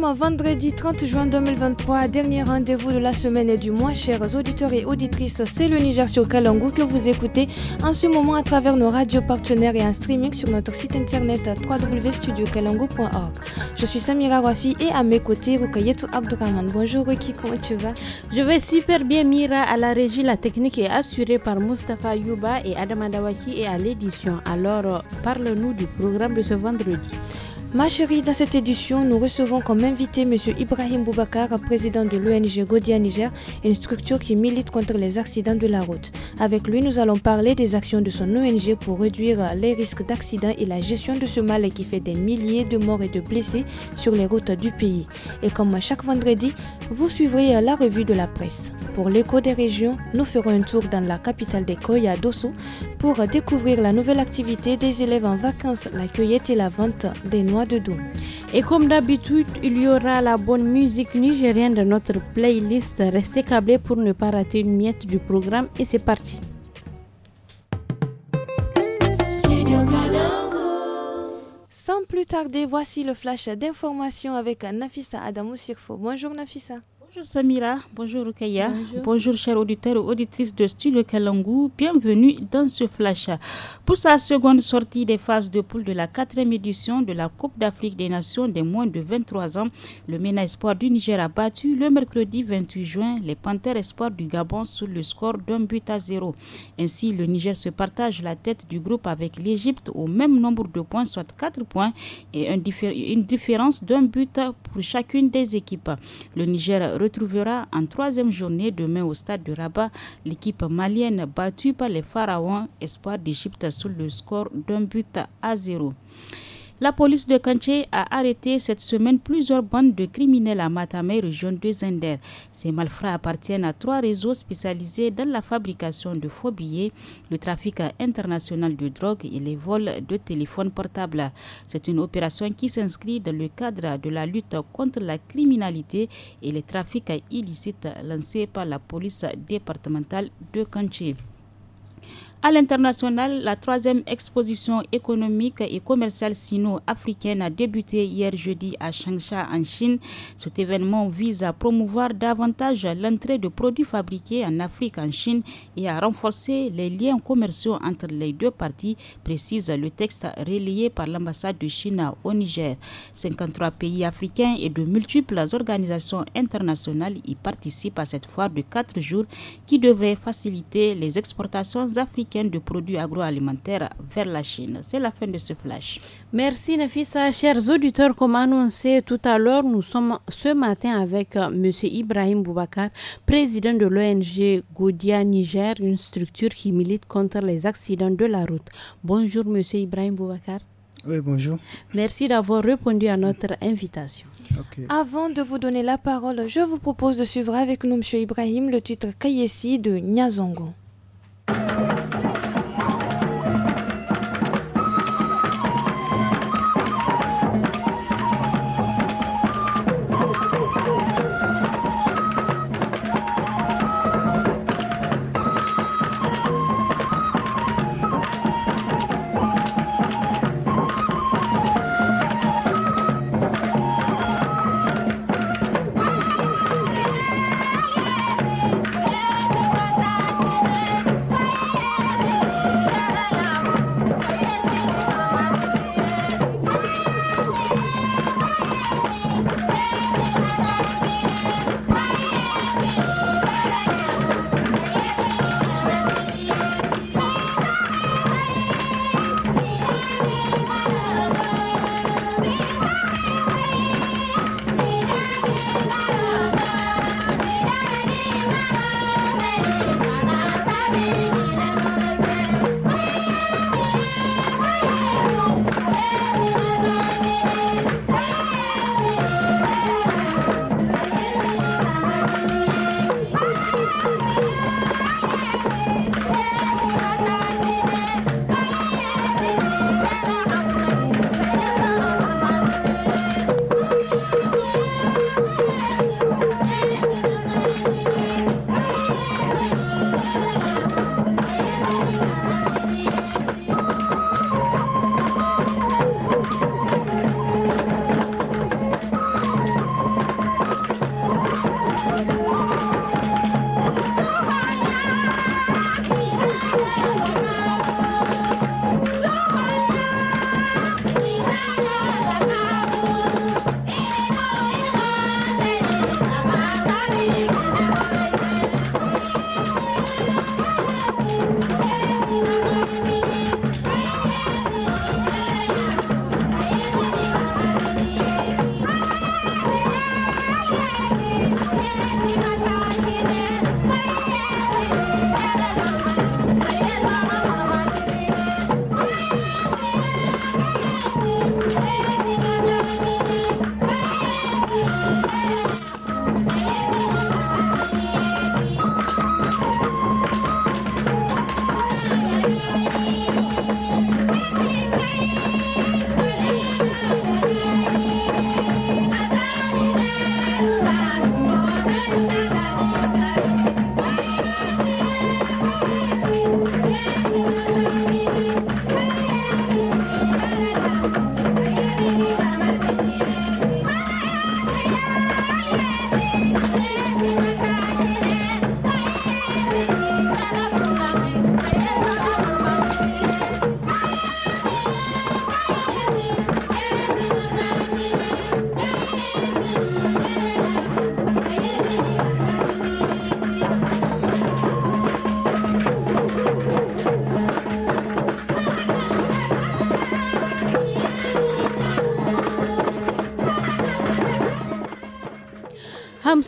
vendredi 30 juin 2023, dernier rendez-vous de la semaine et du mois. Chers auditeurs et auditrices, c'est le Niger sur Kalangou que vous écoutez en ce moment à travers nos radios partenaires et en streaming sur notre site internet www.studiokalangou.org. Je suis Samira Wafi et à mes côtés, Rukayetu Abdurrahman. Bonjour Ruki, comment tu vas Je vais super bien Mira. À la régie, la technique est assurée par Mustafa Yuba et Adam Adawaki et à l'édition. Alors, parle-nous du programme de ce vendredi. Ma chérie, dans cette édition, nous recevons comme invité M. Ibrahim Boubacar, président de l'ONG Godia Niger, une structure qui milite contre les accidents de la route. Avec lui, nous allons parler des actions de son ONG pour réduire les risques d'accidents et la gestion de ce mal qui fait des milliers de morts et de blessés sur les routes du pays. Et comme chaque vendredi, vous suivrez la revue de la presse. Pour l'écho des régions, nous ferons un tour dans la capitale des Koya, Dosso, pour découvrir la nouvelle activité des élèves en vacances, la cueillette et la vente des noix de Et comme d'habitude, il y aura la bonne musique nigérienne dans notre playlist. Restez câblés pour ne pas rater une miette du programme et c'est parti. Sans plus tarder, voici le flash d'information avec Nafissa Adamou Sirfo. Bonjour Nafissa. Bonjour Samira, bonjour Rukaya, bonjour. cher chers auditeurs et auditrices de Studio Kalangu, bienvenue dans ce flash. Pour sa seconde sortie des phases de poule de la quatrième édition de la Coupe d'Afrique des Nations des moins de 23 ans, le MENA Espoir du Niger a battu le mercredi 28 juin les Panthères Espoir du Gabon sur le score d'un but à zéro. Ainsi, le Niger se partage la tête du groupe avec l'Égypte au même nombre de points, soit 4 points, et une différence d'un but pour chacune des équipes. Le Niger retrouvera en troisième journée demain au stade de Rabat l'équipe malienne battue par les Pharaons, espoir d'Égypte, sur le score d'un but à zéro. La police de Kanché a arrêté cette semaine plusieurs bandes de criminels à Matamé, région de Zender. Ces malfrats appartiennent à trois réseaux spécialisés dans la fabrication de faux billets, le trafic international de drogue et les vols de téléphones portables. C'est une opération qui s'inscrit dans le cadre de la lutte contre la criminalité et les trafics illicite lancé par la police départementale de Kanché. À l'international, la troisième exposition économique et commerciale sino-africaine a débuté hier jeudi à Changsha en Chine. Cet événement vise à promouvoir davantage l'entrée de produits fabriqués en Afrique en Chine et à renforcer les liens commerciaux entre les deux parties, précise le texte relayé par l'ambassade de Chine au Niger. 53 pays africains et de multiples organisations internationales y participent à cette foire de 4 jours qui devrait faciliter les exportations africaines de produits agroalimentaires vers la Chine. C'est la fin de ce flash. Merci Nafisa. Chers auditeurs, comme annoncé tout à l'heure, nous sommes ce matin avec euh, M. Ibrahim Boubacar, président de l'ONG Godia Niger, une structure qui milite contre les accidents de la route. Bonjour M. Ibrahim Boubacar. Oui, bonjour. Merci d'avoir répondu à notre invitation. Avant de vous donner la parole, je vous propose de suivre avec nous, M. Ibrahim, le titre Kayesi de Nyazongo.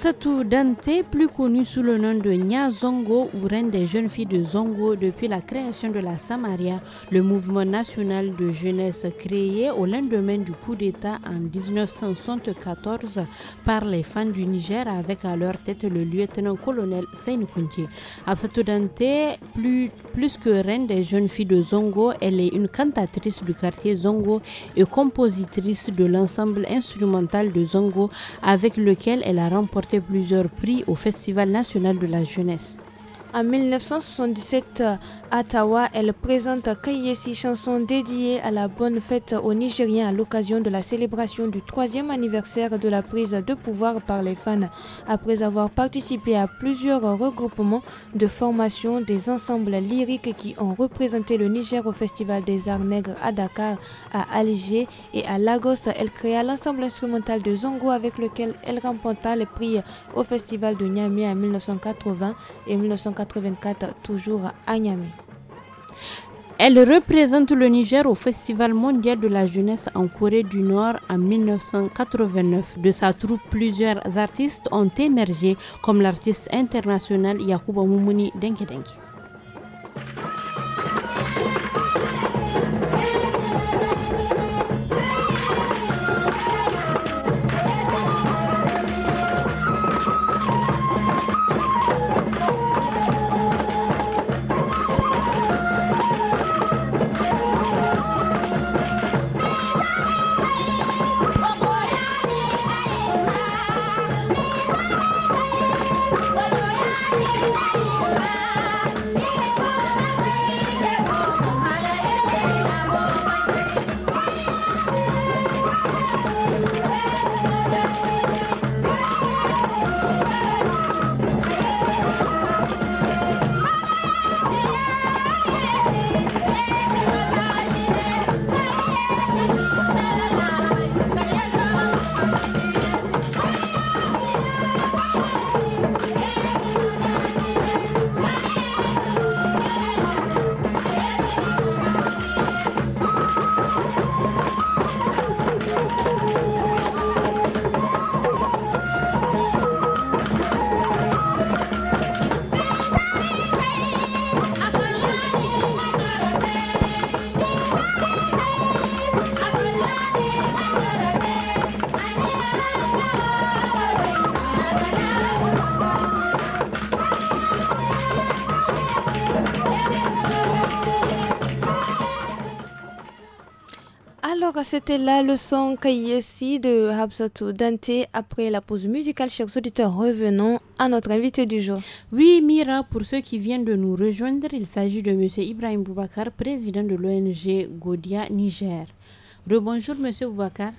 Aïssatou Dante, plus connue sous le nom de Nya Zongo ou reine des jeunes filles de Zongo depuis la création de la Samaria, le mouvement national de jeunesse créé au lendemain du coup d'État en 1974 par les fans du Niger avec à leur tête le lieutenant-colonel Seine Kounti. Dante, plus, plus que reine des jeunes filles de Zongo, elle est une cantatrice du quartier Zongo et compositrice de l'ensemble instrumental de Zongo avec lequel elle a remporté plusieurs prix au Festival national de la jeunesse. En 1977, à euh, Ottawa, elle présente Kayesi, chanson dédiée à la bonne fête aux Nigériens à l'occasion de la célébration du troisième anniversaire de la prise de pouvoir par les fans. Après avoir participé à plusieurs regroupements de formation des ensembles lyriques qui ont représenté le Niger au Festival des Arts Nègres à Dakar, à Alger et à Lagos, elle créa l'ensemble instrumental de Zongo avec lequel elle remporta les prix au Festival de Niamey en 1980 et 1980 toujours Elle représente le Niger au Festival mondial de la jeunesse en Corée du Nord en 1989. De sa troupe, plusieurs artistes ont émergé, comme l'artiste international Yakuba Moumouni Denkedenki. c'était la leçon Kayesi de Habsatou Dante. Après la pause musicale, chers auditeurs, revenons à notre invité du jour. Oui, Mira, pour ceux qui viennent de nous rejoindre, il s'agit de M. Ibrahim Boubacar, président de l'ONG Godia Niger. Rebonjour, M. Boubacar.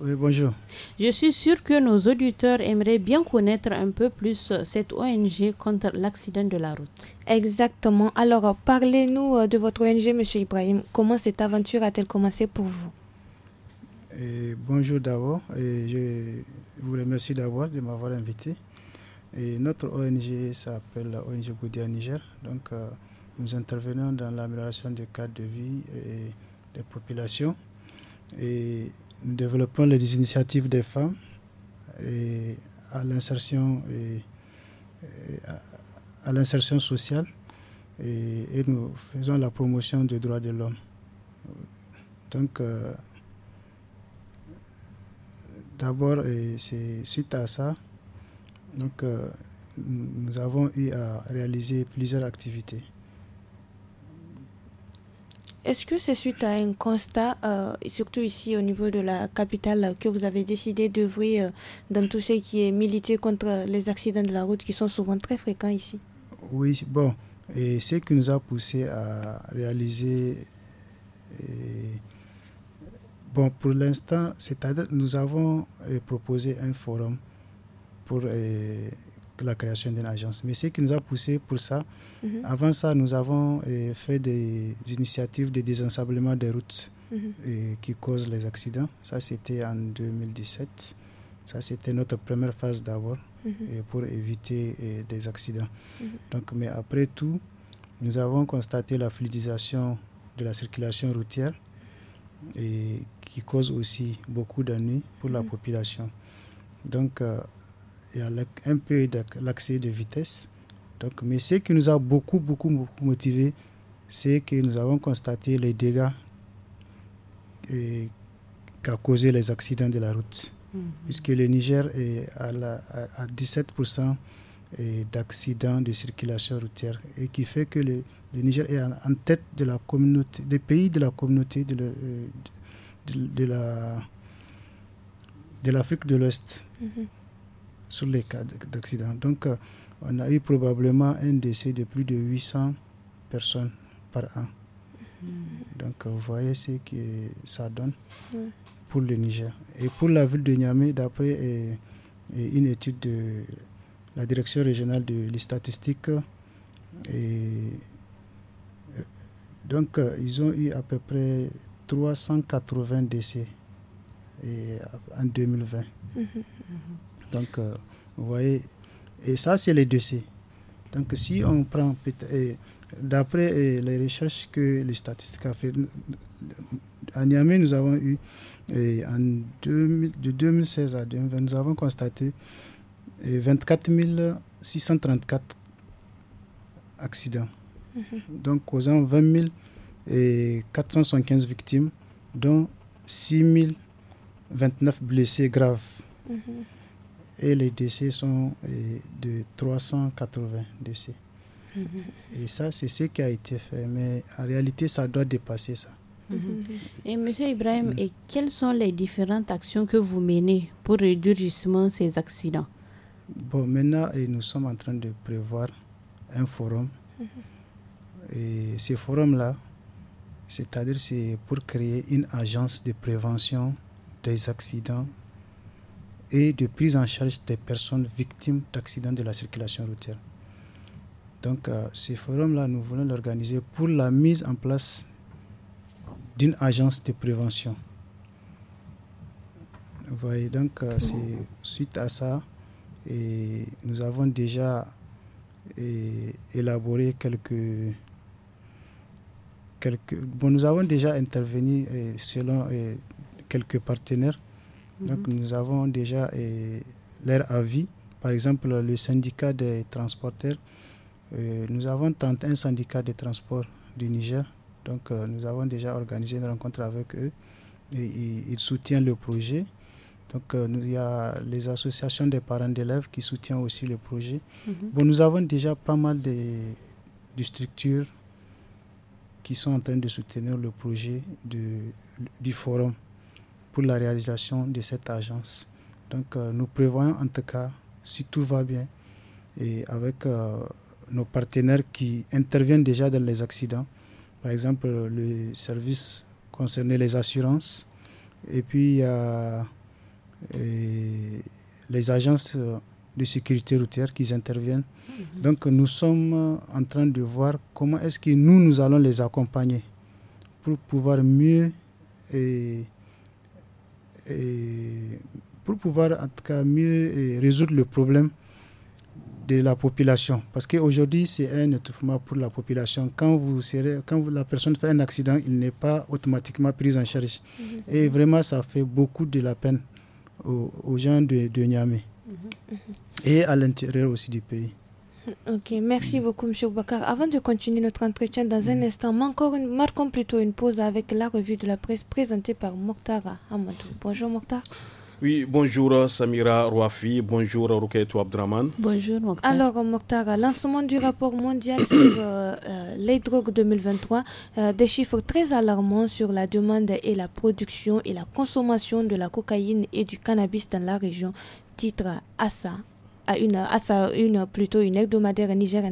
Oui, bonjour. Je suis sûr que nos auditeurs aimeraient bien connaître un peu plus cette ONG contre l'accident de la route. Exactement. Alors, parlez-nous euh, de votre ONG, Monsieur Ibrahim. Comment cette aventure a-t-elle commencé pour vous bonjour d'abord, et je vous remercie d'avoir de m'avoir invité. Et notre ONG s'appelle ONG Bouddha Niger. Donc, euh, nous intervenons dans l'amélioration des cadres de vie et des populations. Et nous développons les initiatives des femmes et à l'insertion et, à, l'insertion sociale. Et, nous faisons la promotion des droits de l'homme. Donc, euh, D'abord, euh, c'est suite à ça, donc, euh, nous avons eu à réaliser plusieurs activités. Est-ce que c'est suite à un constat, euh, surtout ici au niveau de la capitale, que vous avez décidé d'ouvrir dans tout ce qui est milité contre les accidents de la route qui sont souvent très fréquents ici Oui, bon, et ce qui nous a poussé à réaliser Bon, pour l'instant, cest nous avons euh, proposé un forum pour euh, la création d'une agence. Mais ce qui nous a poussé pour ça, mhm. avant ça, nous avons euh, fait des initiatives de désensablement des routes mhm. qui causent les accidents. Ça, c'était en 2017. Ça, c'était notre première phase d'abord mhm. pour éviter des accidents. Donc, mais après tout, nous avons constaté la fluidisation de la circulation routière et qui cause aussi beaucoup d'ennuis pour la mhm. population. Donc, euh, il y a un peu l'accès de vitesse. Donc, mais ce qui nous a beaucoup, beaucoup, beaucoup motivé, c'est que nous avons constaté les dégâts qu'a causé les accidents de la route. Mhm. Puisque le Niger est à 17% et d'accidents de circulation routière et qui fait que le, le Niger est en, tête de la communauté, des pays de la communauté de, euh, de, la de l'Afrique de l'Ouest mhm. sur les cas d'accidents. Donc, euh, on a eu probablement un décès de plus de 800 personnes par an. Mhm. Donc, euh, vous voyez ce que ça donne pour le Niger. Et pour la ville de Niamey, d'après une étude de la direction régionale de, les statistiques Et euh, donc, euh, ils ont eu à peu près 380 décès et, euh, en 2020. Mm-hmm. Donc, vous voyez, et ça, c'est les décès. Donc, si on prend, d'après les recherches que les statistiques ont fait, à Niamey, nous avons eu, en de 2016 à 2020, nous avons constaté et 24 634 accidents, mhm. donc causant 20 415 victimes, dont 6 029 blessés graves. Mhm. Et les décès sont eh, de 380 décès. Mhm. Et ça, c'est ce qui a été fait. Mais en réalité, ça doit dépasser ça. Et Monsieur Ibrahim, et quelles sont les différentes actions que vous menez pour réduire justement ces accidents Bon, maintenant, eh, nous sommes en train de prévoir un forum. Mhm. Et ce forum-là, c'est-à-dire c'est pour créer une agence de prévention des accidents et de prise en charge des personnes victimes d'accidents de la circulation routière. Donc, euh, ce forum-là, nous voulons l'organiser pour la mise en place d'une agence de prévention. Vous voyez, donc, euh, c'est mhm. suite à ça, et nous avons déjà élaboré quelques, nous avons déjà intervenu selon quelques partenaires. Mhm. Donc nous avons déjà leur avis. Par exemple, le syndicat des transporteurs. Euh, nous avons 31 syndicats de transport du Niger. Donc euh, nous avons déjà organisé une rencontre avec eux. et, ils soutiennent le projet. Donc, euh, il y a les associations des parents d'élèves qui soutiennent aussi le projet. Mhm. nous avons déjà pas mal de, structures qui sont en train de soutenir le projet du, forum pour la réalisation de cette agence. Donc, euh, nous prévoyons en tout cas, si tout va bien, et avec euh, nos partenaires qui interviennent déjà dans les accidents, par exemple le service concerné les assurances, et puis il y les agences de sécurité routière qui interviennent. Donc nous sommes en train de voir comment est-ce que nous, nous allons les accompagner pour pouvoir mieux et, pour pouvoir en tout cas mieux résoudre le problème de la population. Parce qu'aujourd'hui, c'est un étouffement pour la population. Quand, vous serez, quand la personne fait un accident, il n'est pas automatiquement pris en charge. Mmh. Et vraiment, ça fait beaucoup de la peine aux, gens de, Niamey mhm. et à l'intérieur aussi du pays. Mhm. Ok, merci beaucoup, M. Bakar, Avant de continuer notre entretien dans un mhm. instant, encore une, marquons plutôt une pause avec la revue de la presse présentée par Mokhtar Amadou Bonjour Mokhtar. Oui, bonjour Samira Rouafi, bonjour Rouketou Abdraman. Bonjour Mokhtar. Alors Mokhtar, lancement du rapport mondial sur euh, euh, les drogues 2023, euh, des chiffres très alarmants sur la demande et la production et la consommation de la cocaïne et du cannabis dans la région, titre ASA, à une, une, plutôt une hebdomadaire Niger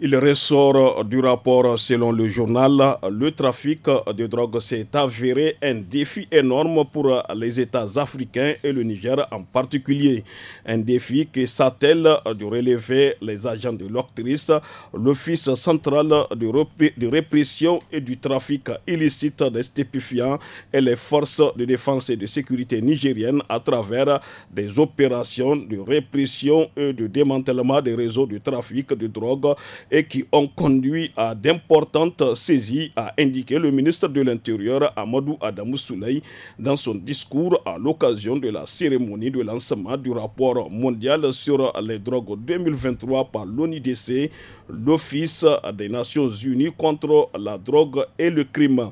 il ressort du rapport selon le journal, le trafic de drogue s'est avéré un défi énorme pour les États africains et le Niger en particulier. Un défi qui s'attelle de relever les agents de l'Octrice, l'Office central de, répression et du trafic illicite des stépifiants et les forces de défense et de sécurité nigériennes à travers des opérations de répression et de démantèlement des réseaux de trafic de drogue et qui ont conduit à d'importantes saisies, a indiqué le ministre de l'Intérieur Amadou Adamou Souley dans son discours à l'occasion de la cérémonie de lancement du rapport mondial sur les drogues 2023 par l'ONIDC, l'Office des Nations Unies contre la drogue et le crime.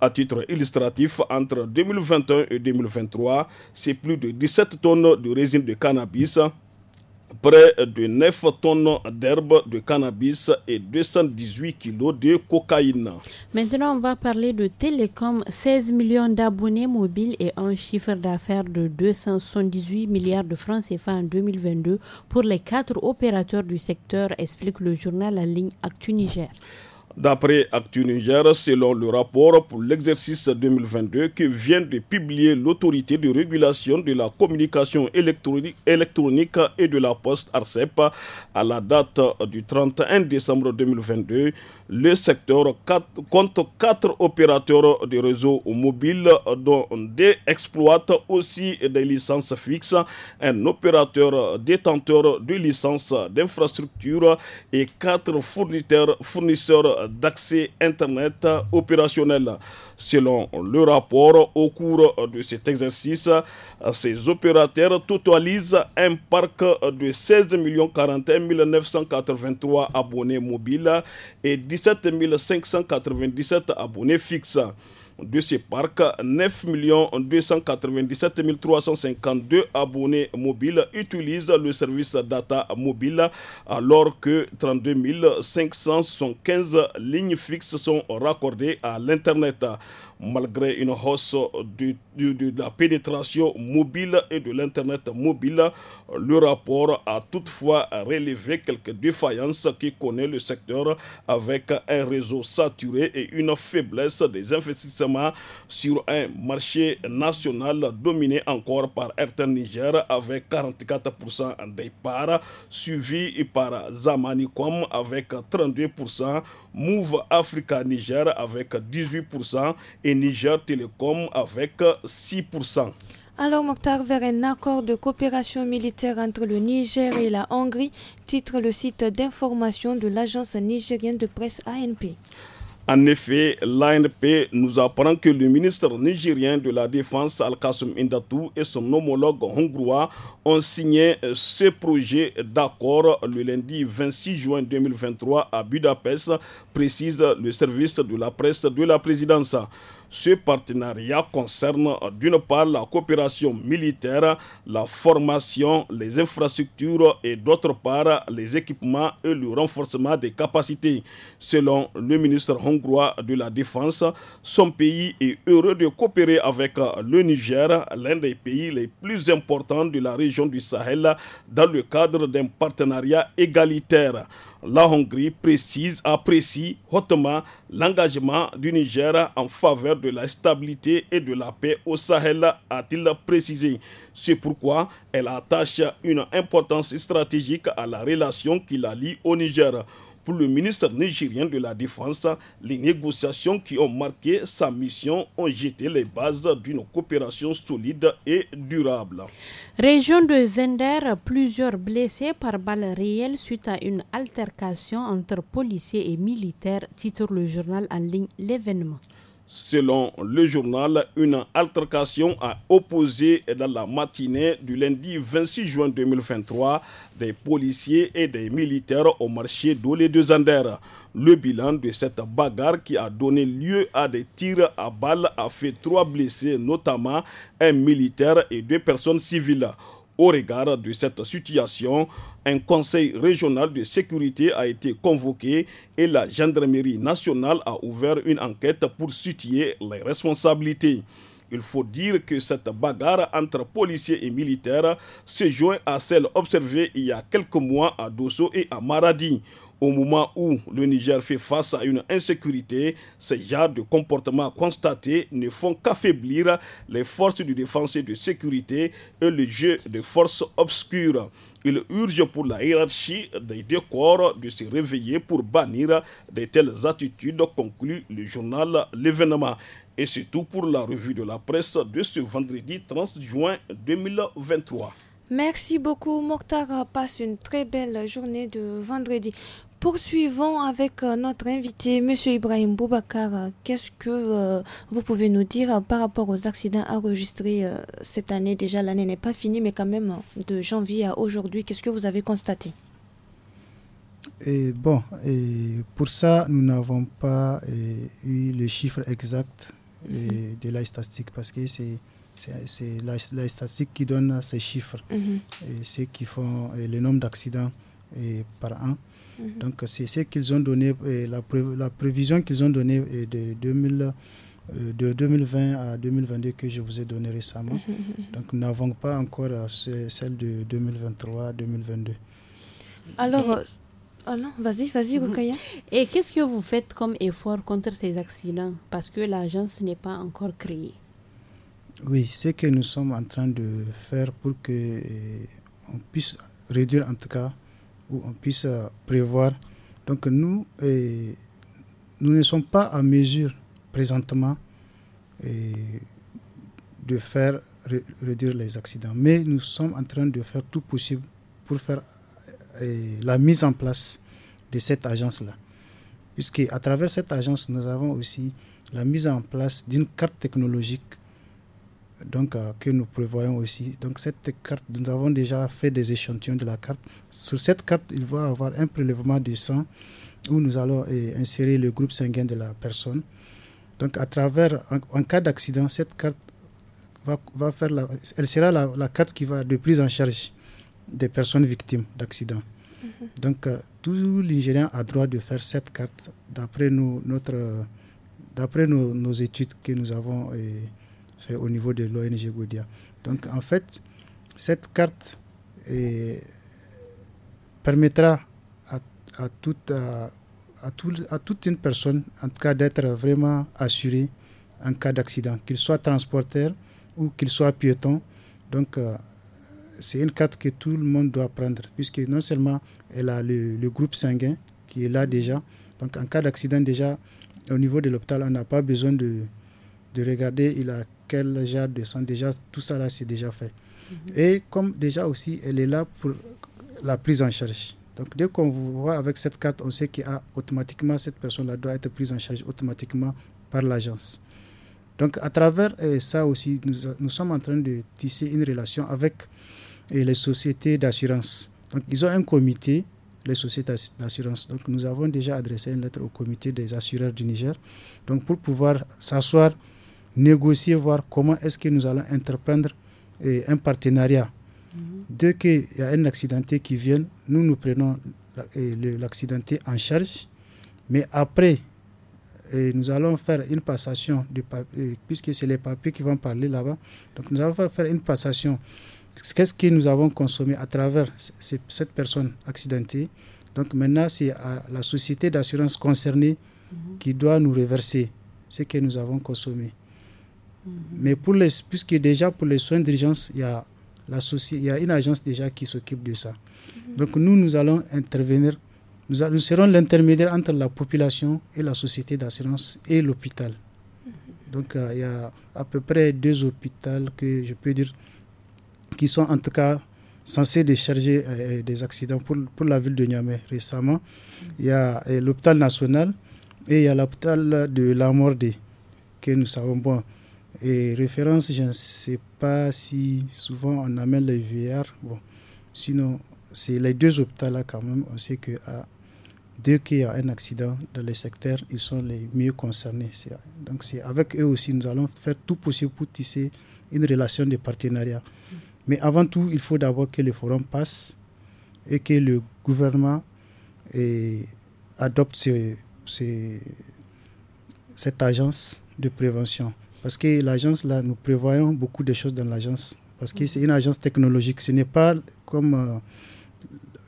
À titre illustratif, entre 2021 et 2023, c'est plus de 17 tonnes de résine de cannabis, près de 9 tonnes d'herbe de cannabis et 218 kilos de cocaïne. Maintenant, on va parler de Télécom. 16 millions d'abonnés mobiles et un chiffre d'affaires de 278 milliards de francs CFA en 2022 pour les quatre opérateurs du secteur, explique le journal La Ligne Actu Niger. D'après Actu Niger, selon le rapport pour l'exercice 2022 que vient de publier l'autorité de régulation de la communication électronique, et de la poste ARCEP, à la date du 31 décembre 2022, le secteur compte quatre opérateurs de réseaux mobiles dont des exploitent aussi des licences fixes, un opérateur détenteur de licences d'infrastructure et quatre fournisseurs d'accès Internet opérationnel. Selon le rapport, au cours de cet exercice, ces opérateurs totalisent un parc de 16 41 983 abonnés mobiles et 17 597 abonnés fixes de ces parcs, 9 297 352 abonnés mobiles utilisent le service data mobile alors que 32 575 lignes fixes sont raccordées à l'Internet. Malgré une hausse de, la pénétration mobile et de l'Internet mobile, le rapport a toutefois relevé quelques défaillances qui connaît le secteur avec un réseau saturé et une faiblesse des investisseurs sur un marché national dominé encore par Airtel Niger avec 44% des parts, suivi par Zamanicom avec 32%, Move Africa Niger avec 18% et Niger Telecom avec 6%. Alors Mokhtar, vers un accord de coopération militaire entre le Niger et la Hongrie, titre le site d'information de l'agence nigérienne de presse ANP. En effet, l'ANP nous apprend que le ministre nigérien de la Défense al kassum Indatou et son homologue hongrois ont signé ce projet d'accord le lundi 26 juin 2023 à Budapest, précise le service de la presse de la présidence. Ce partenariat concerne d'une part la coopération militaire, la formation, les infrastructures et d'autre part les équipements et le renforcement des capacités. Selon le ministre hongrois de la Défense, son pays est heureux de coopérer avec le Niger, l'un des pays les plus importants de la région du Sahel, dans le cadre d'un partenariat égalitaire. La Hongrie précise, apprécie hautement L'engagement du Niger en faveur de la stabilité et de la paix au Sahel, a-t-il précisé. C'est pourquoi elle attache une importance stratégique à la relation qui la lie au Niger. Pour le ministre nigérien de la Défense, les négociations qui ont marqué sa mission ont jeté les bases d'une coopération solide et durable. Région de Zender, plusieurs blessés par balles réelles suite à une altercation entre policiers et militaires, titre le journal en ligne L'événement. Selon le journal, une altercation a opposé dans la matinée du lundi 26 juin 2023 des policiers et des militaires au marché d'Olé de Zander. Le bilan de cette bagarre qui a donné lieu à des tirs à balles a fait trois blessés, notamment un militaire et deux personnes civiles. Au regard de cette situation, un conseil régional de sécurité a été convoqué et la gendarmerie nationale a ouvert une enquête pour situer les responsabilités. Il faut dire que cette bagarre entre policiers et militaires se joint à celle observée il y a quelques mois à Dosso et à Maradi. Au moment où le Niger fait face à une insécurité, ces genres de comportements constatés ne font qu'affaiblir les forces de défense et de sécurité et le jeu de forces obscures. Il urge pour la hiérarchie des deux corps de se réveiller pour bannir de telles attitudes, conclut le journal L'événement. Et c'est tout pour la revue de la presse de ce vendredi 30 juin 2023. Merci beaucoup, Mokhtar. Passe une très belle journée de vendredi. Poursuivons avec euh, notre invité, M. Ibrahim Boubacar. Euh, qu'est-ce que euh, vous pouvez nous dire par rapport aux accidents enregistrés cette année Déjà, l'année n'est pas finie, mais quand même, de janvier à aujourd'hui, qu'est-ce que vous avez constaté et Bon, pour ça, nous n'avons pas eu le chiffre exact mhm. de la statistique parce que c'est la, statistique qui donne ces chiffres mhm. ceux qui font le nombre d'accidents par an. Mhm. Donc c'est ce qu'ils ont donné, euh, la, prévision qu'ils ont donnée euh, de, euh, de 2020 à 2022 que je vous ai donnée récemment. Mhm, mhm, Donc nous n'avons pas encore celle de 2023-2022. Alors, ah vas-y, vas-y, Rukaya. Et qu'est-ce que vous faites comme effort contre ces accidents Parce que l'agence n'est pas encore créée. Oui, ce que nous sommes en train de faire pour que on puisse réduire en tout cas où on puisse euh, prévoir. Donc nous, nous ne sommes pas en mesure présentement de faire réduire les accidents, mais nous sommes en train de faire tout possible pour faire la mise en place de cette agence-là. Puisque à travers cette agence, nous avons aussi la mise en place d'une carte technologique donc, euh, que nous prévoyons aussi. Donc cette carte, nous avons déjà fait des échantillons de la carte. Sur cette carte, il va y avoir un prélèvement de sang où nous allons euh, insérer le groupe sanguin de la personne. Donc à travers, en, cas d'accident, cette carte va, faire la, elle sera la, carte qui va de prise en charge des personnes victimes d'accident mhm. Donc euh, tout l'ingénieur a droit de faire cette carte d'après nos, nos, études que nous avons. Et, fait au niveau de l'ONG Goudia. Donc en fait, cette carte permettra à, à, à, toute une personne, en tout cas, d'être vraiment assurée en cas d'accident, qu'il soit transporteur ou qu'il soit piéton. Donc, euh, c'est une carte que tout le monde doit prendre, puisque non seulement elle a le, groupe sanguin qui est là déjà, donc en cas d'accident déjà, au niveau de l'hôpital, on n'a pas besoin de, de regarder il a quel genre de son. Déjà, tout ça là, c'est déjà fait. Mhm. Et comme déjà aussi, elle est là pour la prise en charge. Donc, dès qu'on vous voit avec cette carte, on sait automatiquement cette personne-là doit être prise en charge automatiquement par l'agence. Donc, à travers eh, ça aussi, nous, nous, sommes en train de tisser une relation avec eh, les sociétés d'assurance. Donc, ils ont un comité, les sociétés d'assurance. Donc, nous avons déjà adressé une lettre au comité des assureurs du Niger, donc pour pouvoir s'asseoir négocier, voir comment est-ce que nous allons entreprendre eh, un partenariat. Mhm. Dès qu'il y a un accidenté qui vient, nous, nous prenons eh, l'accidenté en charge. Mais après, eh, nous allons faire une passation, puisque c'est les papiers qui vont parler là-bas. Donc, nous allons faire une passation. Qu'est-ce que nous avons consommé à travers cette personne accidentée Donc, maintenant, c'est à la société d'assurance concernée mhm. qui doit nous reverser ce que nous avons consommé. Mhm. Mais pour les, puisque déjà pour les soins d'urgence, il y a la il y a une agence déjà qui s'occupe de ça. Mhm. Donc nous, nous allons intervenir, nous, nous serons l'intermédiaire entre la population et la société d'assurance et l'hôpital. Mhm. Donc euh, il y a à peu près deux hôpitaux que je peux dire qui sont en tout cas censés décharger euh, euh, des accidents pour, pour, la ville de Niamey récemment. Il y a l'hôpital national et il y a l'hôpital de la que nous savons. Bon, et référence, je ne sais pas si souvent on amène les VR. Bon, sinon, c'est les deux hôpitaux là quand même. On sait que à dès qu'il y a un accident dans les secteurs, ils sont les mieux concernés. Donc c'est avec eux aussi, nous allons faire tout possible pour tisser une relation de partenariat. Mais avant tout, il faut d'abord que le forum passe et que le gouvernement eh, adopte cette agence de prévention. Parce que l'agence, là, nous prévoyons beaucoup de choses dans l'agence. Parce que c'est une agence technologique. Ce n'est pas comme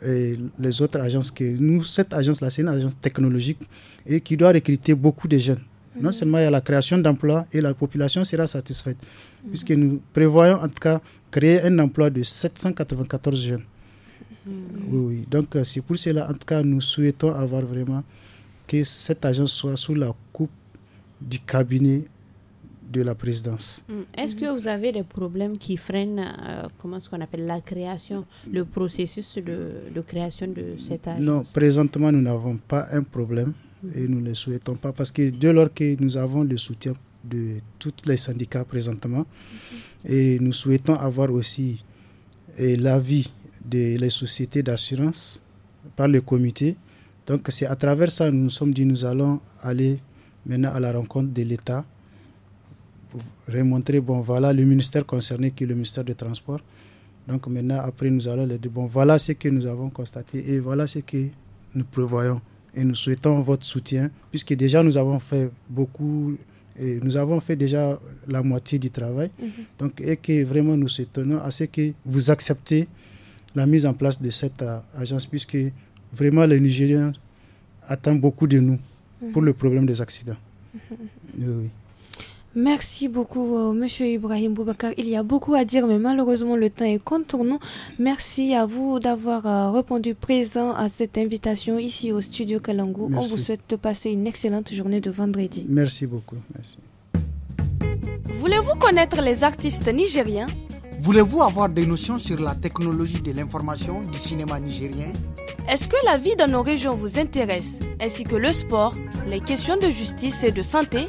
euh, les autres agences que nous. Cette agence-là, c'est une agence technologique et qui doit recruter beaucoup de jeunes. Non mhm. seulement il y a la création d'emplois et la population sera satisfaite, puisque nous prévoyons en tout cas créer un emploi de 794 jeunes. Mhm. Oui, oui. Donc euh, c'est pour cela, en tout cas, nous souhaitons avoir vraiment que cette agence soit sous la coupe du cabinet de la présidence. Mm. Est-ce que vous avez des problèmes qui freinent, euh, comment ce qu'on appelle la création, le processus de, création de cet agence Non, présentement, nous n'avons pas un problème et nous ne le souhaitons pas parce que dès lors que nous avons le soutien de tous les syndicats présentement mm-hmm. et nous souhaitons avoir aussi eh, l'avis des sociétés d'assurance par le comité. Donc c'est à travers ça nous nous sommes dit nous allons aller maintenant à la rencontre de l'État remontrer, bon, voilà le ministère concerné qui est le ministère des Transports. Donc maintenant, après, nous allons le dire, bon, voilà ce que nous avons constaté et voilà ce que nous prévoyons. Et nous souhaitons votre soutien, puisque déjà nous avons fait beaucoup, et nous avons fait déjà la moitié du travail. Mhm. Donc, et que vraiment nous souhaitons à ce que vous acceptez la mise en place de cette euh, agence, puisque vraiment les Nigériens attendent beaucoup de nous mhm. pour le problème des accidents. oui. Merci beaucoup, euh, Monsieur Ibrahim Boubacar. Il y a beaucoup à dire, mais malheureusement, le temps est contournant. Merci à vous d'avoir euh, répondu présent à cette invitation ici au studio Kalangou. On vous souhaite de passer une excellente journée de vendredi. Merci beaucoup. Merci. Voulez-vous connaître les artistes nigériens Voulez-vous avoir des notions sur la technologie de l'information du cinéma nigérien Est-ce que la vie dans nos régions vous intéresse, ainsi que le sport, les questions de justice et de santé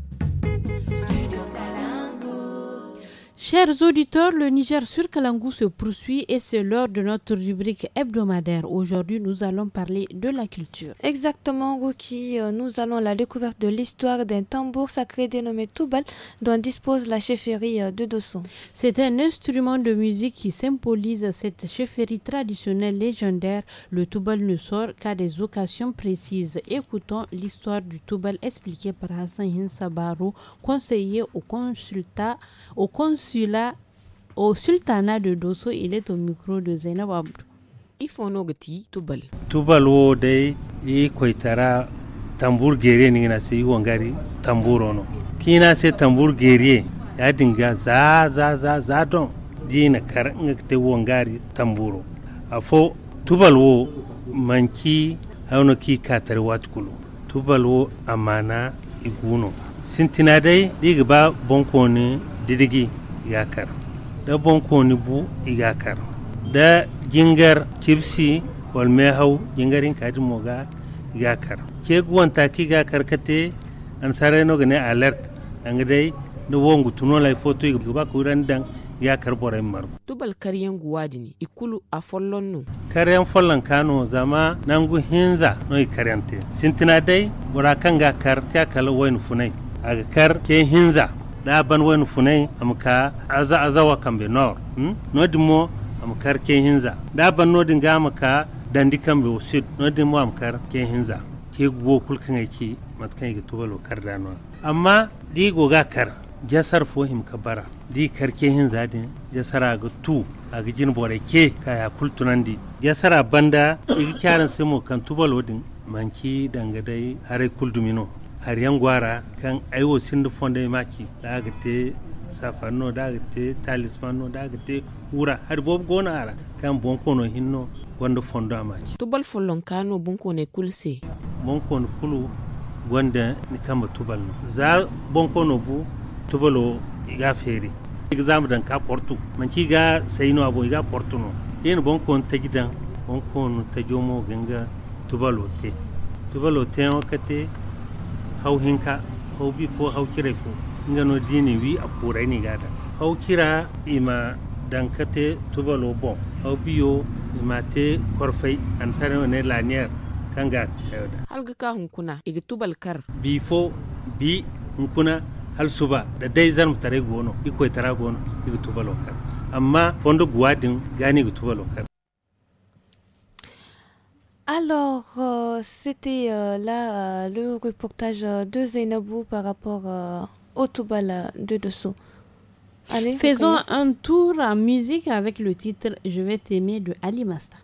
Chers auditeurs, le Niger sur Kalangou se poursuit et c'est l'heure de notre rubrique hebdomadaire. Aujourd'hui, nous allons parler de la culture. Exactement, Ruki. Euh, nous allons à la découverte de l'histoire d'un tambour sacré dénommé Toubal dont dispose la chefferie euh, de Dosson. C'est un instrument de musique qui symbolise cette chefferie traditionnelle légendaire. Le Toubal ne sort qu'à des occasions précises. Écoutons l'histoire du Toubal expliquée par Hassan Hinsabaro, conseiller au consulat. au consul suis-là au sultanat de Dosso. Il est au micro de Zainab Abdou. Il faut nous ifono ga ti tubal tubal wo dai i koitara tambur gere ni na se i wangari tamburo no kina se tambur gere ya dinga za za za za don dina kar nga te wangari tamburo afo tubal wo manki hauno ki katar watkulu tubal wo amana iguno sintina dai diga ba bonkoni didigi yakar da bonkoni bu igakar da jingar kipsi walme hau jingarin kaji moga igakar ke guwanta ki igakar kate an sare no gane alert an dai da wongu tuno lai foto igba kuran dan igakar borai margo tubal karyan ne ikulu a follon nu karyan follon kano zama nangu hinza no ikaryante sintina dai burakan ga kar ta kala wayin funai aga kar ke hinza da ban wani funai amka aza azawa kambe nor hmm? nodi nodimo amkar ke hinza da ban nodin ga amka dandi kambe usid nodimo amkar ke hinza ke go kulkin yake matkan yake tubalo kar da no amma di goga kar jasar fohim kabara bara kar ke hinza din jasara ga tu a gijin boreke ka ya kultunandi jasara banda igi kyaran sai mu kan tubalo din manki dangadai hare kuldumino har yangwara kan aiwo sindu fonde maki da aka te safarno da aka te talismano da aka te wura har bob gona ara kan bonkono hinno wanda fondo maki. tubal follon kano bonkone kulse bonkono kulu wanda ni kama tubal no za bonkono bu tubalo iga feri exam dan ka kortu Manki ki ga sayno abu iga kortu no yen bonkon ta gidan bonkon ta jomo ganga tubalo te tubalo te on kate hau hinka hau fo hau kire fo no dini wi a kura ni gada hau kira ima dankate tubalo bon hau biyo ima te korfai an sare ne laniyar kan ga tayoda halga ka hunkuna igi tubal kar bi fo bi hunkuna hal suba da dai zan tare gono iko tara gono igi tubalo kar amma fondo guadin gani igi tubalo kar Alors, euh, c'était euh, là euh, le reportage de Zainabou par rapport au Toubala de dessous. Faisons un tour en musique avec le titre Je vais t'aimer de Ali Masta.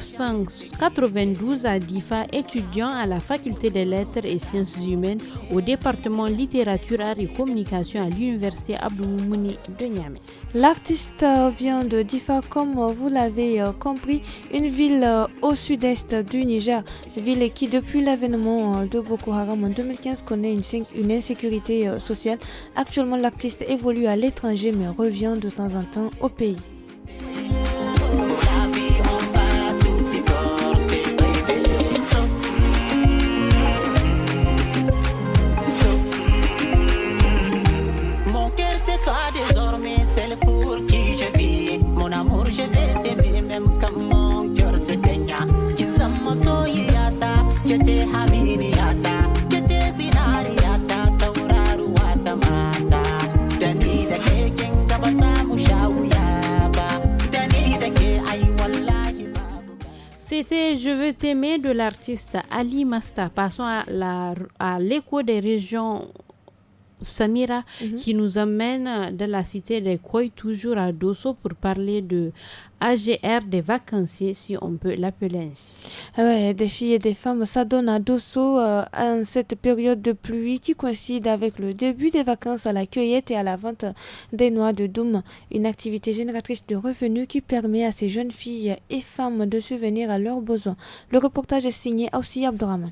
1992 à Difa, étudiant à la faculté des lettres et sciences humaines au département littérature, et communication à l'université Abdoumouni de Niamey. L'artiste vient de Difa, comme vous l'avez euh, compris, une ville euh, au sud-est du Niger, ville qui depuis l'avènement euh, de Boko Haram en 2015 connaît une insécurité sociale. Actuellement, l'artiste évolue à l'étranger mais revient de temps en temps au pays. Je veux t'aimer de l'artiste Ali Masta. Passons à l'écho des régions Samira, mhm. qui nous emmène de la cité des Koi, toujours à Dosso, pour parler de AGR des vacanciers, si on peut l'appeler ainsi. Ah ouais, des filles et des femmes s'adonnent à Dosso en euh, cette période de pluie qui coïncide avec le début des vacances à la cueillette et à la vente des noix de Doum, une activité génératrice de revenus qui permet à ces jeunes filles et femmes de subvenir à leurs besoins. Le reportage est signé aussi Abdurrahman.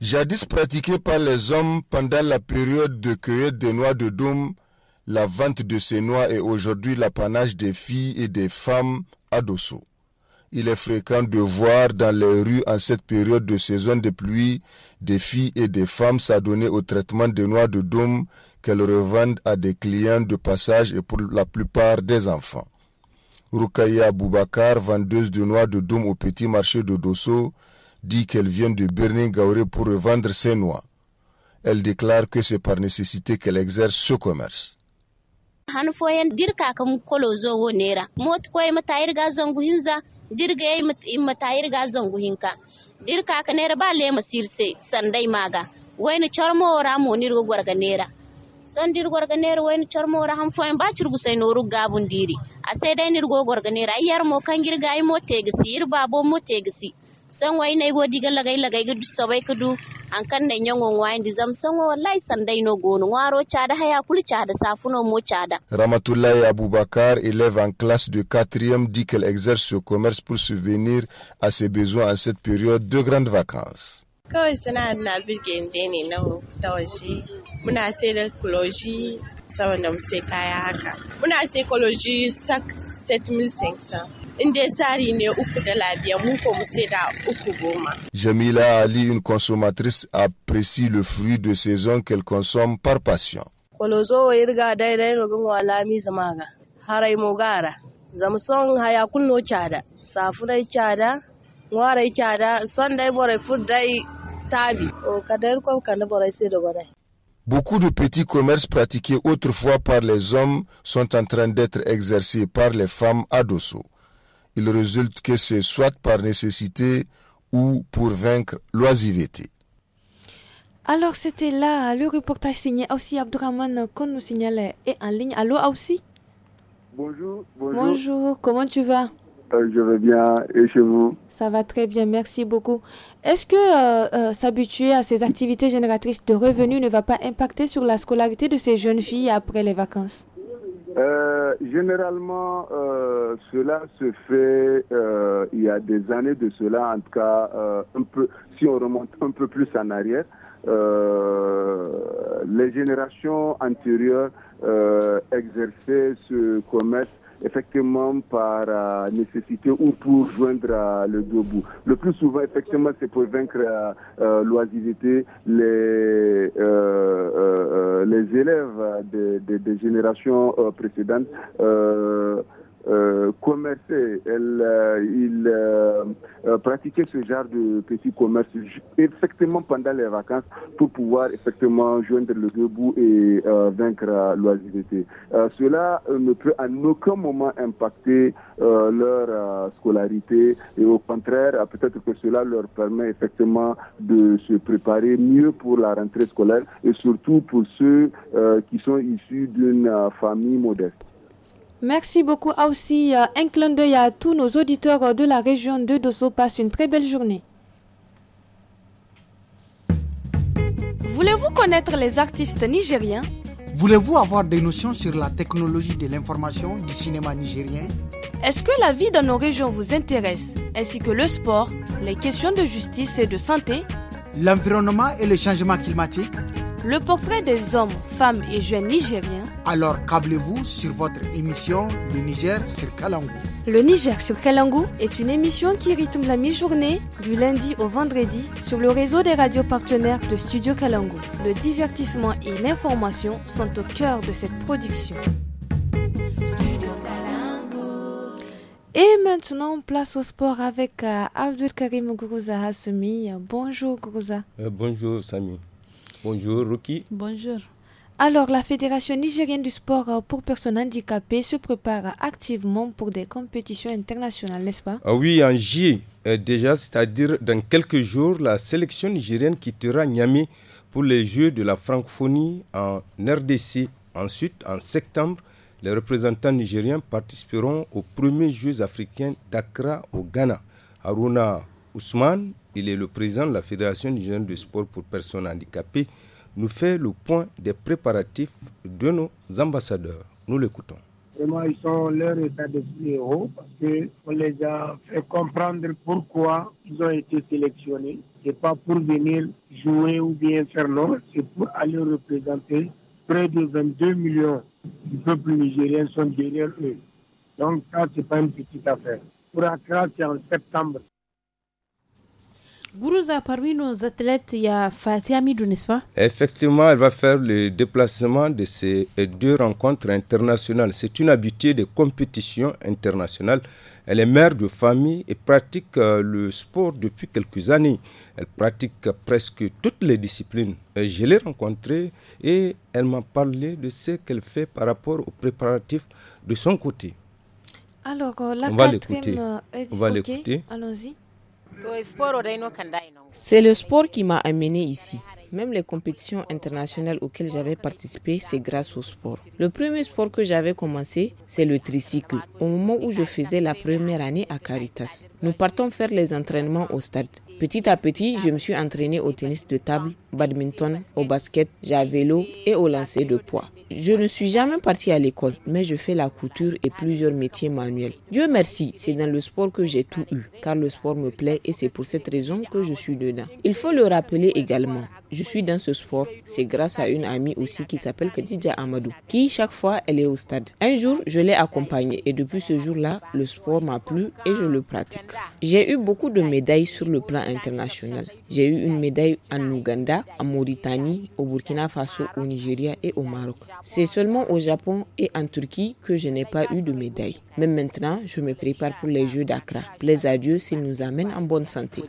Jadis pratiquée par les hommes pendant la période de cueillette des noix de Dôme, la vente de ces noix est aujourd'hui l'apanage des filles et des femmes à Dosso. Il est fréquent de voir dans les rues en cette période de saison de pluie des filles et des femmes s'adonner au traitement des noix de Dôme qu'elles revendent à des clients de passage et pour la plupart des enfants. Rukaya Boubakar, vendeuse de noix de Dôme au petit marché de Dosso, dit qu'elle vient de Berlin Gauré pour revendre ses noix. Elle déclare que c'est par nécessité qu'elle exerce ce commerce. hanfoyen dirka kam kolo zowo nera mot koy mata irga zongu hinza dirga yi mata irga zongu hinka dirka ka nera ba le masirse sandai maga Wayne chormo ora mo nirgo gorga nera son dir gorga nera wayni chormo ora hanfoyen ba churgu sai noru gabun diri a se dai nirgo gorga nera ayar mo kan girga mo tegisi irba bo mo tegisi son wai nay go diga lagay lagay gudu sabai kudu an kan nay nyangon wayin di zam son wallahi sandai no gono waro chada haya kul chada safuno mo chada Ramatoulaye Abubakar élève en classe de 4e dit qu'elle exerce ce commerce pour subvenir à ses besoins en cette période de grandes vacances ko sana'ar na birgin deni na ta muna sai da kuloji saboda mu sai kaya haka muna sai kuloji sak 7500 Jamila Ali, une consommatrice, apprécie le fruit de saison qu'elle consomme par passion. Beaucoup de petits commerces pratiqués autrefois par les hommes sont en train d'être exercés par les femmes à Dosso il résulte que c'est soit par nécessité ou pour vaincre l'oisiveté. Alors c'était là le reportage signé aussi Abdourahman qu'on nous signalait et en ligne. Allô aussi bonjour, bonjour. Bonjour, comment tu vas euh, Je vais bien et chez vous Ça va très bien, merci beaucoup. Est-ce que euh, euh, s'habituer à ces activités génératrices de revenus ne va pas impacter sur la scolarité de ces jeunes filles après les vacances euh, généralement, euh, cela se fait, euh, il y a des années de cela, en tout cas, un peu, si on remonte un peu plus en arrière, les générations antérieures exerçaient ce commerce effectivement par euh, nécessité ou pour joindre euh, le deux Le plus souvent, effectivement, c'est pour vaincre euh, euh l'oisiveté les, les élèves des générations précédentes commercer. Euh, commerçait, elle, euh, euh, ce genre de petit commerce effectivement pendant les vacances pour pouvoir effectivement joindre le debout et vaincre l'oisiveté. cela ne peut à aucun moment impacter leur scolarité et au contraire, peut-être que cela leur permet effectivement de se préparer mieux pour la rentrée scolaire et surtout pour ceux qui sont issus d'une famille modeste. Merci beaucoup ah aussi. Euh, un clin d'œil à tous nos auditeurs euh, de la région de Dosso. Passe une très belle journée. Voulez-vous connaître les artistes nigériens Voulez-vous avoir des notions sur la technologie de l'information du cinéma nigérien Est-ce que la vie dans nos régions vous intéresse, ainsi que le sport, les questions de justice et de santé L'environnement et le changement climatique le portrait des hommes, femmes et jeunes nigériens. Alors câblez-vous sur votre émission Le Niger sur Kalangou. Le Niger sur Kalangou est une émission qui rythme la mi-journée du lundi au vendredi sur le réseau des radios partenaires de Studio Kalangou. Le divertissement et l'information sont au cœur de cette production. Et maintenant, place au sport avec euh, Abdul Karim Gourouza Hassemi. Bonjour Gourouza. Euh, bonjour Sami. Bonjour Ruki. Bonjour. Alors, la Fédération nigérienne du sport pour personnes handicapées se prépare activement pour des compétitions internationales, n'est-ce pas ah Oui, en J, euh, déjà, c'est-à-dire dans quelques jours, la sélection nigérienne quittera Niamey pour les Jeux de la francophonie en RDC. Ensuite, en septembre, les représentants nigériens participeront aux premiers Jeux africains d'Accra au Ghana. Aruna Ousmane il est le président de la Fédération nigérienne du sport pour personnes handicapées, nous fait le point des préparatifs de nos ambassadeurs. Nous l'écoutons. Vraiment, ils sont leur état de est haut parce qu'on les a fait comprendre pourquoi ils ont été sélectionnés. Ce n'est pas pour venir jouer ou bien faire non, c'est pour aller représenter près de 22 millions du peuple nigérien sont derrière eux. Donc ça, ce n'est pas une petite affaire. Pour Accra, c'est en septembre. Gourouza, parmi nos athlètes, il y a Fatia n'est-ce pas Effectivement, elle va faire le déplacement de ces deux rencontres internationales. C'est une habituée des compétitions internationales. Elle est mère de famille et pratique euh, le sport depuis quelques années. Elle pratique presque toutes les disciplines. Euh, je l'ai rencontrée et elle m'a parlé de ce qu'elle fait par rapport aux préparatifs de son côté. Alors, euh, la On quatrième... Va On va l'écouter. Allons-y. C'est le sport qui m'a amené ici. Même les compétitions internationales auxquelles j'avais participé, c'est grâce au sport. Le premier sport que j'avais commencé, c'est le tricycle, au moment où je faisais la première année à Caritas. Nous partons faire les entraînements au stade. Petit à petit, je me suis entraîné au tennis de table, badminton, au basket, j'ai vélo et au lancer de poids je ne suis jamais partie à l'école, mais je fais la couture et plusieurs métiers manuels. Dieu merci, c'est dans le sport que j'ai tout eu, car le sport me plaît et c'est pour cette raison que je suis dedans. Il faut le rappeler également je suis dans ce sport, c'est grâce à une amie aussi qui s'appelle Khadija Amadou, qui chaque fois elle est au stade. Un jour, je l'ai accompagnée et depuis ce jour-là, le sport m'a plu et je le pratique. J'ai eu beaucoup de médailles sur le plan international. J'ai eu une médaille en Ouganda, en Mauritanie, au Burkina Faso, au Nigeria et au Maroc. C'est seulement au Japon et en Turquie que je n'ai pas eu de médaille. Mais maintenant, je me prépare pour les Jeux d'Accra. Plaise à Dieu s'il nous amène en bonne santé.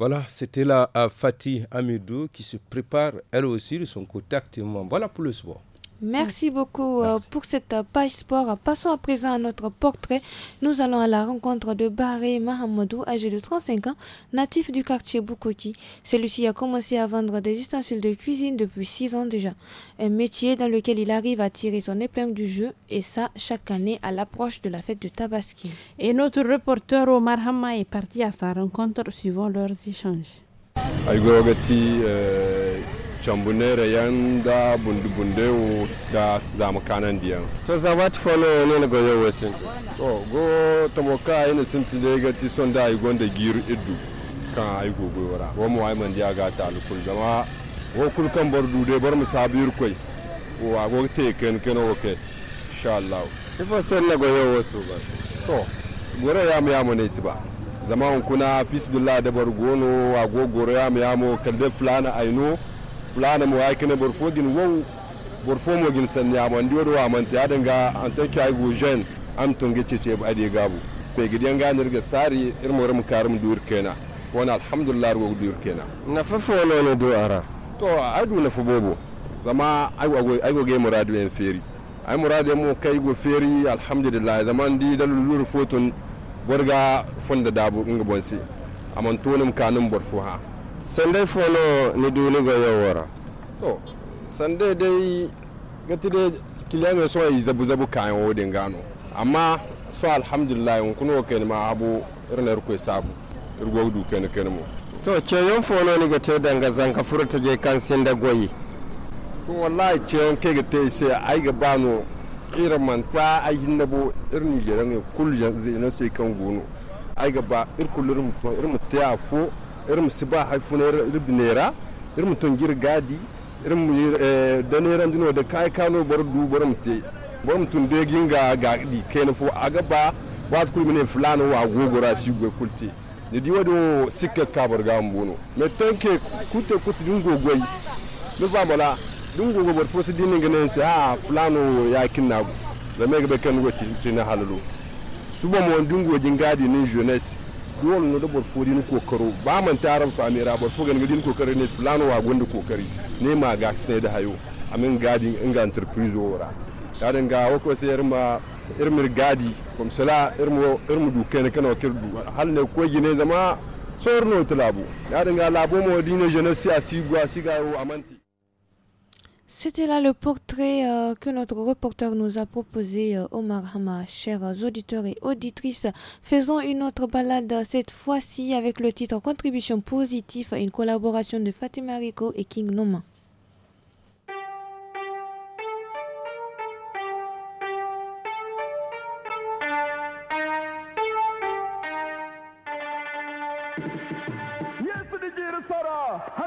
Voilà, c'était là euh, Fatih Amidou qui se prépare elle aussi de son côté activement. Voilà pour le sport. Merci beaucoup euh, pour cette euh, page sport. Passons à présent à notre portrait. Nous allons à la rencontre de Baré Mahamadou, âgé de 35 ans, natif du quartier Bukoki. Celui-ci a commencé à vendre des ustensiles de cuisine depuis 6 ans déjà. Un métier dans lequel il arrive à tirer son épingle du jeu, et ça chaque année à l'approche de la fête de Tabaski. Et notre reporter Omar Hama est parti à sa rencontre suivant leurs échanges. Euh, Chambunere, Yanda, Bundubundeu, da diya So za what follow ne go yo wesin. to go tomoka ina sinti de gati sonda i da gir iddu. Kan ai go go wara. Wo mu ai man ga ta alkul zama wo kulkan bar dude bar mu sabir koi. Wo ago te ken ken o ke. Insha Allah. Ifo sen ne go yo wasu ba. To, gore ya mu ya mu ne su ba. Zama kuna fisbillah da bar gono ago gore ya mu ya mu kalde fulana aino. fulana mu yakine bor borfo gin wow borfo fo mo gin san ya mon dior wa man tiya danga an ta kai go jen am tun gice ce ba de gabu pe gidan ga nirga sari irmo ram karim dur kena wana alhamdulillah ro dur kena na fa fo no no do ara to adu na fo bobo zama ai go ai go ge muradu en feri ai muradu mo kai go feri alhamdulillah zama zaman di dalulur foton borga fonda dabu inga bonse amantonum kanum bor ha sande fono ni duni ga yau wara to sande dai gati dai mai so yi zabu zabu kayan wodin gano amma so alhamdulillah mun kuno kai ma abu da ko sabu irgo du kai kai mu to ce yon fono ni da danga zanka furta je kan sin da goyi to wallahi ce yon kai gate sai ai ga bano irin manta ai nabo irin jiran kul zai na sai kan gono ai ga ba irkulurin irin mutaya fo irin su ba na irin nera irin mutum gir gadi irin eh, da nera dino da kai kano bar du bar bar mutum de yagin ga kai ken fo gaba ba su kul mine fulano wa gogora su gwe kulte ne diwa da sikka kabar ga mbono me tanke kute kute dun goyi ne ba mala dun go bar fo si dinin ganen se ha fulani ya kinna da me gaba be kan go tin tin halalo suba wani dungo gadi ni jeunesse dole no da borfori ni kokaro ba man taron fa amira borfo gan gidin kokari ne fulano wa gundu kokari ne ma ga sai da hayo amin gadin inga enterprise ora ta ga wako sai irma irmir gadi kom sala irmo irmu du ken kana wakil du hal ne ko gine zama sorno tilabu ya ga labo mo dine jeunesse asi gwa siga amanti C'était là le portrait euh, que notre reporter nous a proposé, euh, Omar Hama. Chers auditeurs et auditrices, faisons une autre balade, cette fois-ci avec le titre Contribution positive, une collaboration de Fatima Rico et King Noma.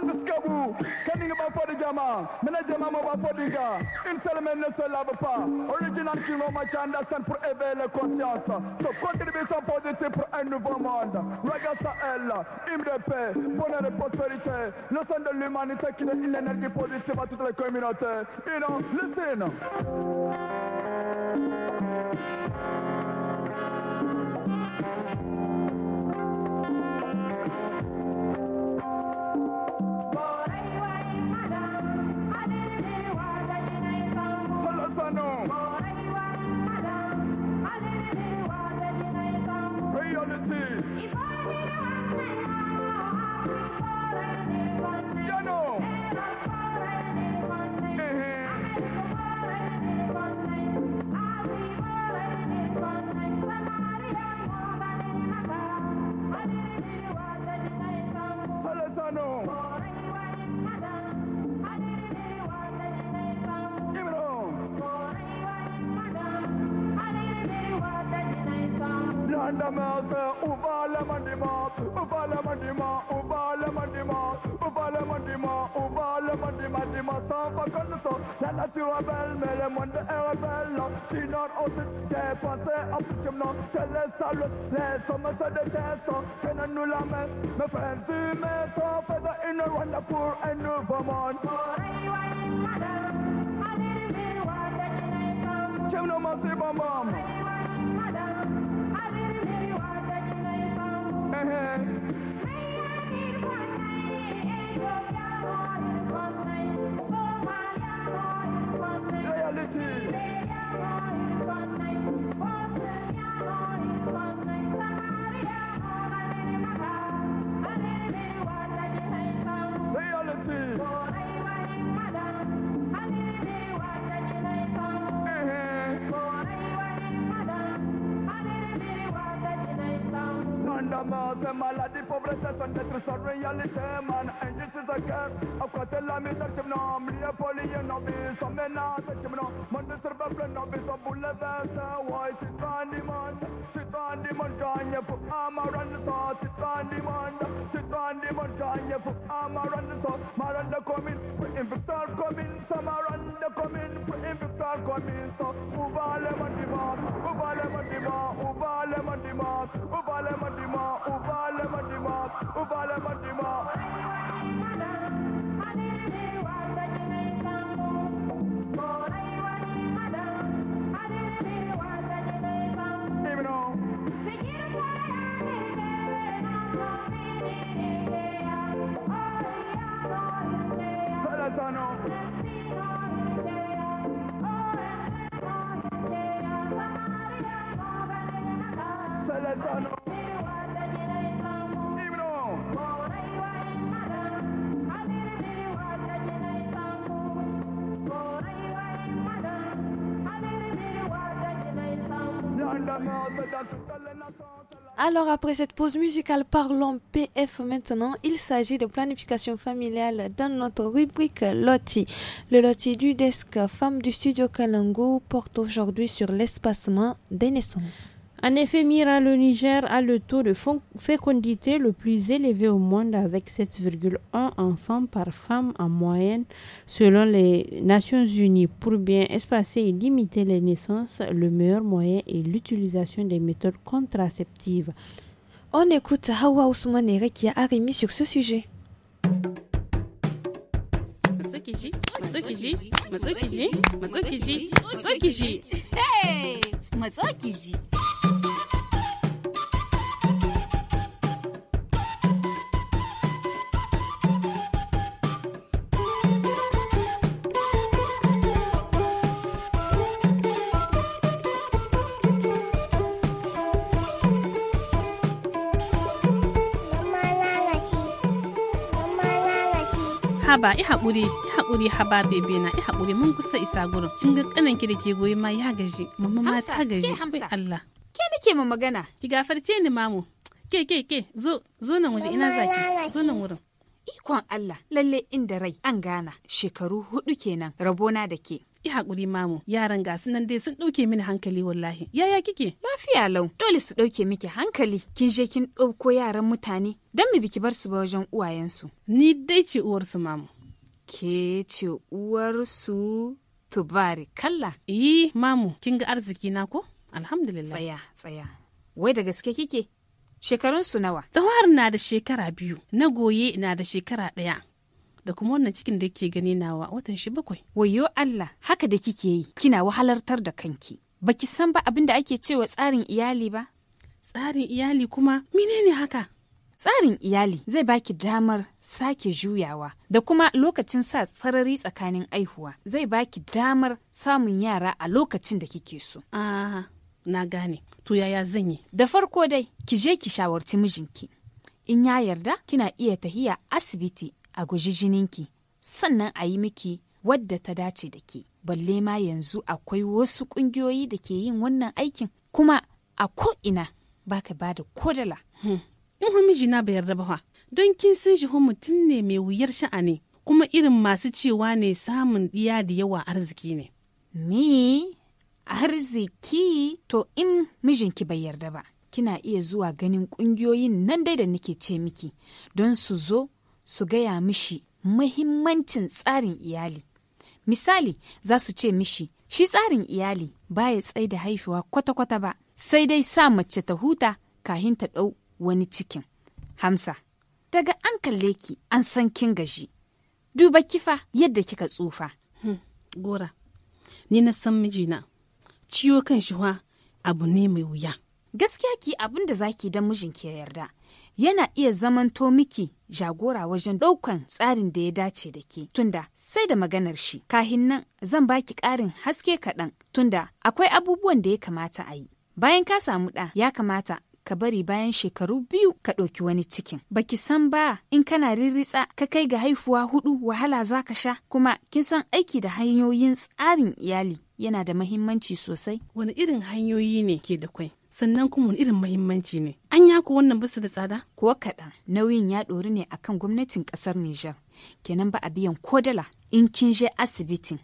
yanga suka bu kaninga ba fodi jama mena jama ma ba fodi ga une seule main ne se lave pas original qui no match understand pour éveiller les consciences so contribution positive pour un nouveau monde regarde ça elle hymne de paix bonheur et prospérité le son de l'humanité qui donne une énergie positive à toutes les communautés you know listen Ubala Madima, Ubala mandima, Ubala Madima, Ubala Madima, Dima, Safa Kanaso, Lala Tirabel, Melem, and the Arabella, she not also there, but they up to Jim, not tell us all, let's some of the test, can I no lament, my friends, the man, so for the inner one, the poor and new Vermont. Jim, no mercy, bomb, bomb. Loyalty. c'est maladie, pauvreté, ça détruit réalité, man. Injustice à à côté la misère, tu me nomme. Lié pour lié, non, mais ça menace, tu me nomme. Mon de serbe plein, non, mais ça bouleverse. Ouais, c'est pas du c'est pas du j'en ai pour amaran de ça. C'est pas du c'est pas du j'en ai pour amaran de ça. Maran de commune, pour invictor commune, ça maran de commune, pour invictor commune, ça. Ouvale, mon dimanche, ouvale, mon dimanche, ouvale, mon dimanche, ouvale. Alors après cette pause musicale, parlons PF maintenant. Il s'agit de planification familiale dans notre rubrique Loti. Le Loti du desk femme du studio Kalango porte aujourd'hui sur l'espacement des naissances. En effet, Mira, le Niger a le taux de fécondité le plus élevé au monde avec 7,1 enfants par femme en moyenne selon les Nations Unies. Pour bien espacer et limiter les naissances, le meilleur moyen est l'utilisation des méthodes contraceptives. On écoute Hawa Ousmane qui a sur ce sujet. Hey haba i haƙuri i haƙuri haba bebe na i haƙuri mun kusa isa gurin kin ga kanan ki da ke goyi ma ya gaji mamma ma ta gaji kai Allah ke nake ma magana ki gafarce ni mamu ke ke ke zo zo nan waje ina zaki zo nan wurin ikon Allah lalle inda rai an gana shekaru hudu kenan rabona da ke yi hakuri mamu yaran ga nan dai sun ɗauke mini hankali wallahi yaya kike lafiya lau dole su ɗauke miki hankali kin je kin ɗauko yaran mutane don mu biki bar su ba wajen uwayensu ni dai ce uwarsu mamu ke ce uwarsu tubari kalla yi mamu kin ga arziki na ko alhamdulillah tsaya tsaya wai da gaske kike shekarun su nawa tawar na da shekara biyu na goye na da shekara ɗaya da kuma wannan cikin da ke gani nawa watan shi bakwai. Wayo Allah haka da kike yi kina wahalartar da kanki. Baki san ba abin da ake cewa tsarin iyali ba? Tsarin iyali kuma menene haka? Tsarin iyali zai baki damar sake juyawa da kuma lokacin sa sarari tsakanin aihuwa zai baki damar samun yara a lokacin da kike so. Ah, na gane. To yaya zan yi? Da farko dai, ki je ki shawarci mijinki. In ya yarda, kina iya tahiya asibiti a guji jininki sannan a yi miki wadda ta dace da ke balle ma yanzu akwai wasu ƙungiyoyi da ke yin wannan aikin kuma a ko'ina ba ka ba da kodala. Hmm. in miji mijina bayar da ba don kin san shi mutum ne mai wuyar sha'ani kuma irin masu cewa ne samun ɗiya da yawa arziki ne. Me arziki to in mijinki bai yarda ba kina iya zuwa ganin ƙungiyoyin nan dai da nake ce miki don su zo su gaya mishi mahimmancin tsarin iyali. Misali, za su ce mishi, shi tsarin iyali ba ya tsai da haifewa kwata-kwata ba, sai dai sa mace ta huta kahin ta ɗau wani cikin. Hamsa, daga an kalle ki an san kin gaji, duba kifa yadda kika tsufa. Hmm, gora, ni na san mijina, ciwo kan shi abu ne mai wuya. Gaskiya ki abin da zaki don mijinki ya yarda. yana iya zamanto miki jagora wajen ɗaukan tsarin da ya dace da ke tunda sai da maganar shi kahin nan zan baki ƙarin haske kaɗan tunda akwai abubuwan da ya kamata a yi bayan ka samu ɗa ya kamata ka bari bayan shekaru biyu ka ɗauki wani cikin. Baki san ba in kana riritsa ka kai ga haihuwa hudu wahala za ka sha kuma kin san aiki da hanyoyin tsarin iyali yana da mahimmanci sosai. Wani irin hanyoyi ne ke da kwai? sannan kuma irin mahimmanci ne an yako wannan basu da tsada ko kaɗan nauyin ya ɗori ne akan gwamnatin ƙasar Nijar kenan ba a biyan ko dala in kin je asibitin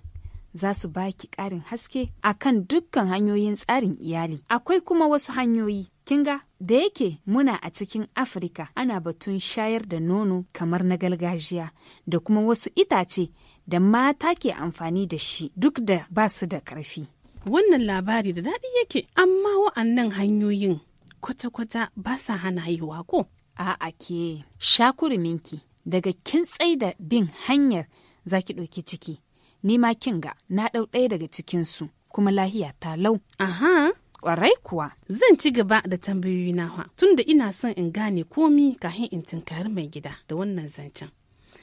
za su baki ƙarin haske akan dukkan hanyoyin tsarin iyali akwai kuma wasu hanyoyi kinga da yake muna a cikin afirka ana batun shayar da nono kamar na gargajiya da kuma wasu itace da mata ke amfani da shi duk da ba su da ƙarfi wannan labari da daɗi yake amma wa'annan hanyoyin kwata-kwata ba sa hana haihuwa ko a'a ke shakuruminki daga kin da bin hanyar zaki ɗauki ciki ni ma kin ga na ɗau ɗaya daga cikinsu kuma lahiya ta lau aha kwarai kuwa zan ci gaba da tambayoyi nawa tunda ina son in gane komi kafin in tunkari mai gida da wannan zancen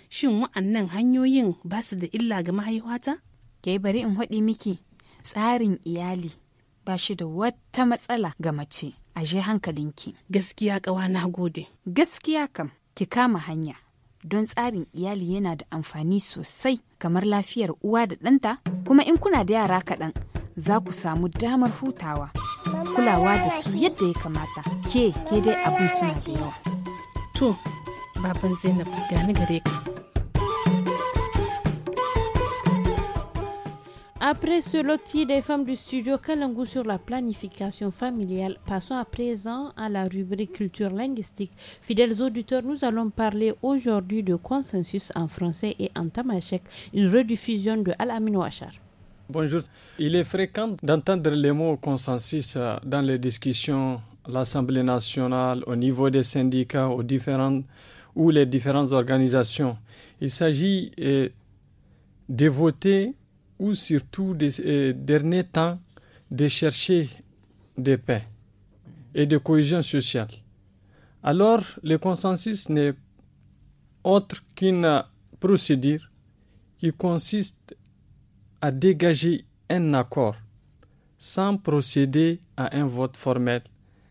shin wa'annan hanyoyin ba su da illa ga mahaihuwata ke bari in haɗi miki tsarin iyali ba shi da wata matsala ga mace a je hankalinki. Gaskiya kawa na gode. Gaskiya kam ki kama hanya don tsarin iyali yana da amfani sosai kamar lafiyar uwa da ɗanta kuma in kuna da yara kaɗan za ku samu damar hutawa kulawa da su yadda ya kamata ke ke dai abin suna da yawa. To, baban Zainab gani gare ka. Après ce lotier des femmes du studio Kalangu sur la planification familiale, passons à présent à la rubrique culture linguistique. Fidèles auditeurs, nous allons parler aujourd'hui de consensus en français et en tamashek, une rediffusion de Al-Amin Ouachar. Bonjour. Il est fréquent d'entendre les mots consensus euh, dans les discussions à l'Assemblée nationale, au niveau des syndicats, aux différentes ou les différentes organisations. Il s'agit euh, de voter ou surtout des euh, derniers temps de chercher des paix et de cohésion sociale. Alors, le consensus n'est autre qu'une procédure qui consiste à dégager un accord sans procéder à un vote formel,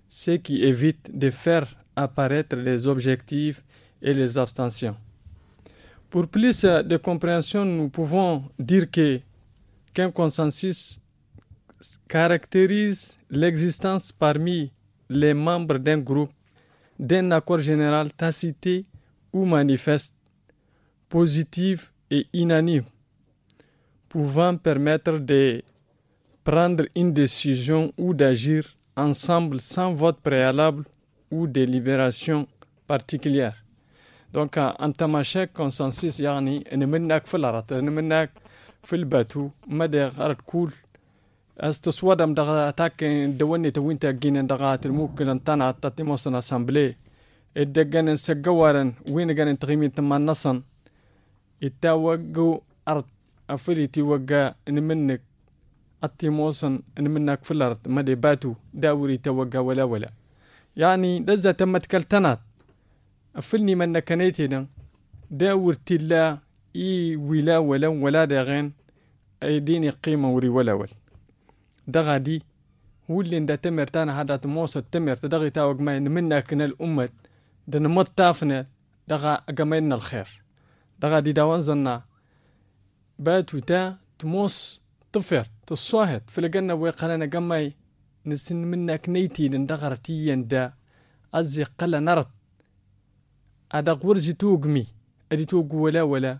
ce qui évite de faire apparaître les objectifs et les abstentions. Pour plus de compréhension, nous pouvons dire que qu'un consensus caractérise l'existence parmi les membres d'un groupe d'un accord général tacité ou manifeste, positif et inanime pouvant permettre de prendre une décision ou d'agir ensemble sans vote préalable ou délibération particulière. Donc, en que consensus, yani, filbatu mada qarad kuul astaswadam daga ataken dawani tawinta ginen dagatil mukilan tana tatimosan assemblee idaganin sagawaran winiganin tqimin tamanasan ita wagu ard afiliti waga niminik atimosan niminak filart made batu dawirita waga wala wala يعني دزة تمت كالتنات أفلني من كنيتنا داور تلا اي ولا ولا ولا داغين ايديني قيمة وري ولا ولا دغا دي هو اللي ندا تمر تانا هذا موسى التمر تدغي تاوق ما منا كنا الأمة دن مد تافنا دغا قمينا الخير دغا دي داوان زنا باتو تا تموس طفر تصاهد في الجنة ويقالنا قمي نسن منك نيتي ندغر تيا دا أزي قلا نرد أدا غورزي توقمي أدي توق ولا ولا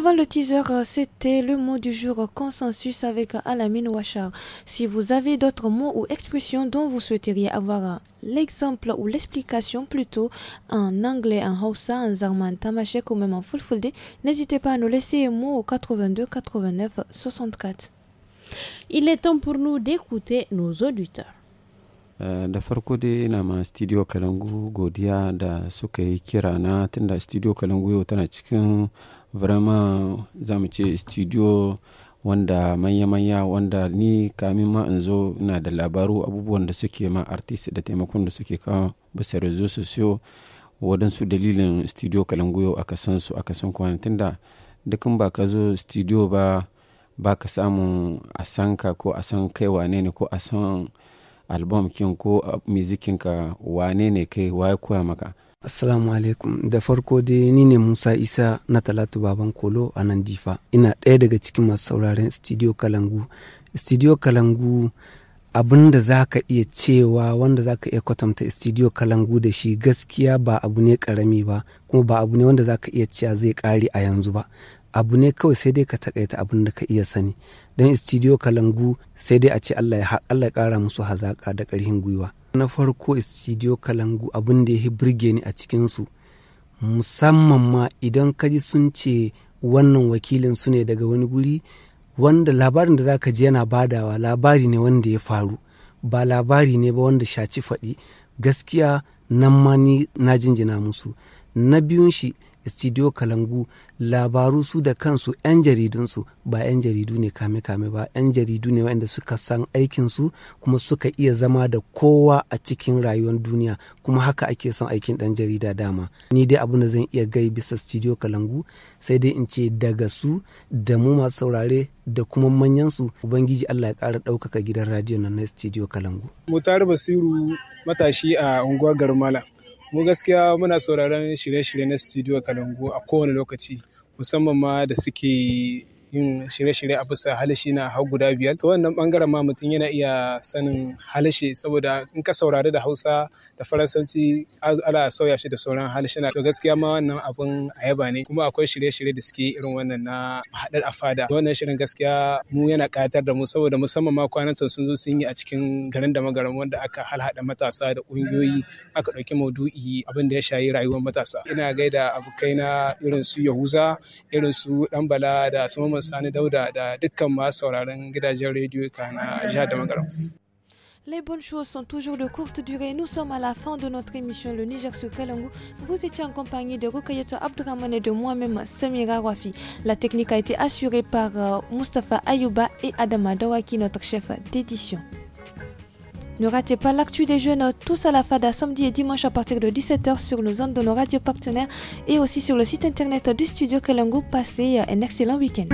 Avant le teaser, euh, c'était le mot du jour euh, consensus avec euh, Alamine Ouachar. Si vous avez d'autres mots ou expressions dont vous souhaiteriez avoir l'exemple ou l'explication plutôt en anglais, en hausa, en zarman, tamashek ou même en fulfulde, n'hésitez pas à nous laisser un mot au 82 89 64. Il est temps pour nous d'écouter nos auditeurs. da farko studio kalangu godiya da suka kira na studio kalangu yau tana vraiment za mu ce studio wanda manya-manya wanda ni kamin ma in zo na da labaru abubuwan da suke ma artist da taimakon da suke kawo bisa rezo siyo waɗansu dalilin studio kalanguyo aka san su aka san kwanan tunda dukkan ba ka zo studio ba ba ka samun a san ka ko a san kai wane ne ko a san album kin ko mizikinka ka wane ne kai waye koya maka Assalamu alaikum da farko dai ni ne Musa Isa na Talatu Baban Kolo a nan Difa. Ina ɗaya daga cikin masu sauraren Studio Kalangu. Studio Kalangu abin da za ka iya cewa wanda za ka iya kwatanta Studio Kalangu da shi gaskiya ba abu ne ƙarami ba kuma ba abu ne wanda za ka iya cewa zai ƙare a yanzu ba. abu ne kawai sai dai ka takaita abin da ka iya sani don studio kalangu sai dai a ce Allah ya Allah kara musu hazaƙa da karhin gwiwa na farko studio kalangu abin da ya burge ni a cikin su musamman ma idan ka ji sun ce wannan wakilin su ne daga wani guri wanda labarin da zaka ji yana badawa labari ne wanda ya faru ba labari ne ba wanda shaci faɗi gaskiya nan ma ni na jinjina musu na biyun shi studio kalangu labaru su da kansu 'yan jaridunsu ba 'yan jaridu ne kame-kame ba 'yan jaridu ne wanda suka san aikinsu kuma suka iya zama da kowa a cikin rayuwar duniya kuma haka ake son aikin ɗan jarida dama ni dai abin da zan iya gai bisa studio kalangu sai dai in ce daga su da mu masu saurare da kuma manyansu ubangiji allah ya ƙara ɗaukaka gidan radio na studio kalangu mutare basiru matashi a unguwar garmala mu gaskiya muna sauraron shirye-shirye na studio kalangu a kowane lokaci musamman ma da suke yin shirye-shirye a bisa halishi na har guda biyar to wannan bangaren ma mutum yana iya sanin halishi saboda in ka saurari da hausa da faransanci ala sauya shi da sauran halishina to gaskiya ma wannan abun ayaba ne kuma akwai shirye-shirye da suke irin wannan na haɗar a fada wannan shirin gaskiya mu yana ƙayatar da mu saboda musamman ma kwanan sun zo sun yi a cikin garin da magaran wanda aka halhaɗa matasa da ƙungiyoyi aka ɗauki maudu'i abin da ya shayi rayuwar matasa ina gaida abokaina irin su yahuza irin su ɗanbala da su Les bonnes choses sont toujours de courte durée. Nous sommes à la fin de notre émission Le Niger sur Kalangu. Vous étiez en compagnie de Rukayeto Abdurrahman et de moi-même, Samira Wafi La technique a été assurée par euh, Mustafa Ayouba et Adama Dawaki, notre chef d'édition. Ne ratez pas l'actu des jeunes tous à la FADA samedi et dimanche à partir de 17h sur nos ondes de nos radios partenaires et aussi sur le site internet du studio groupe Passez un excellent week-end.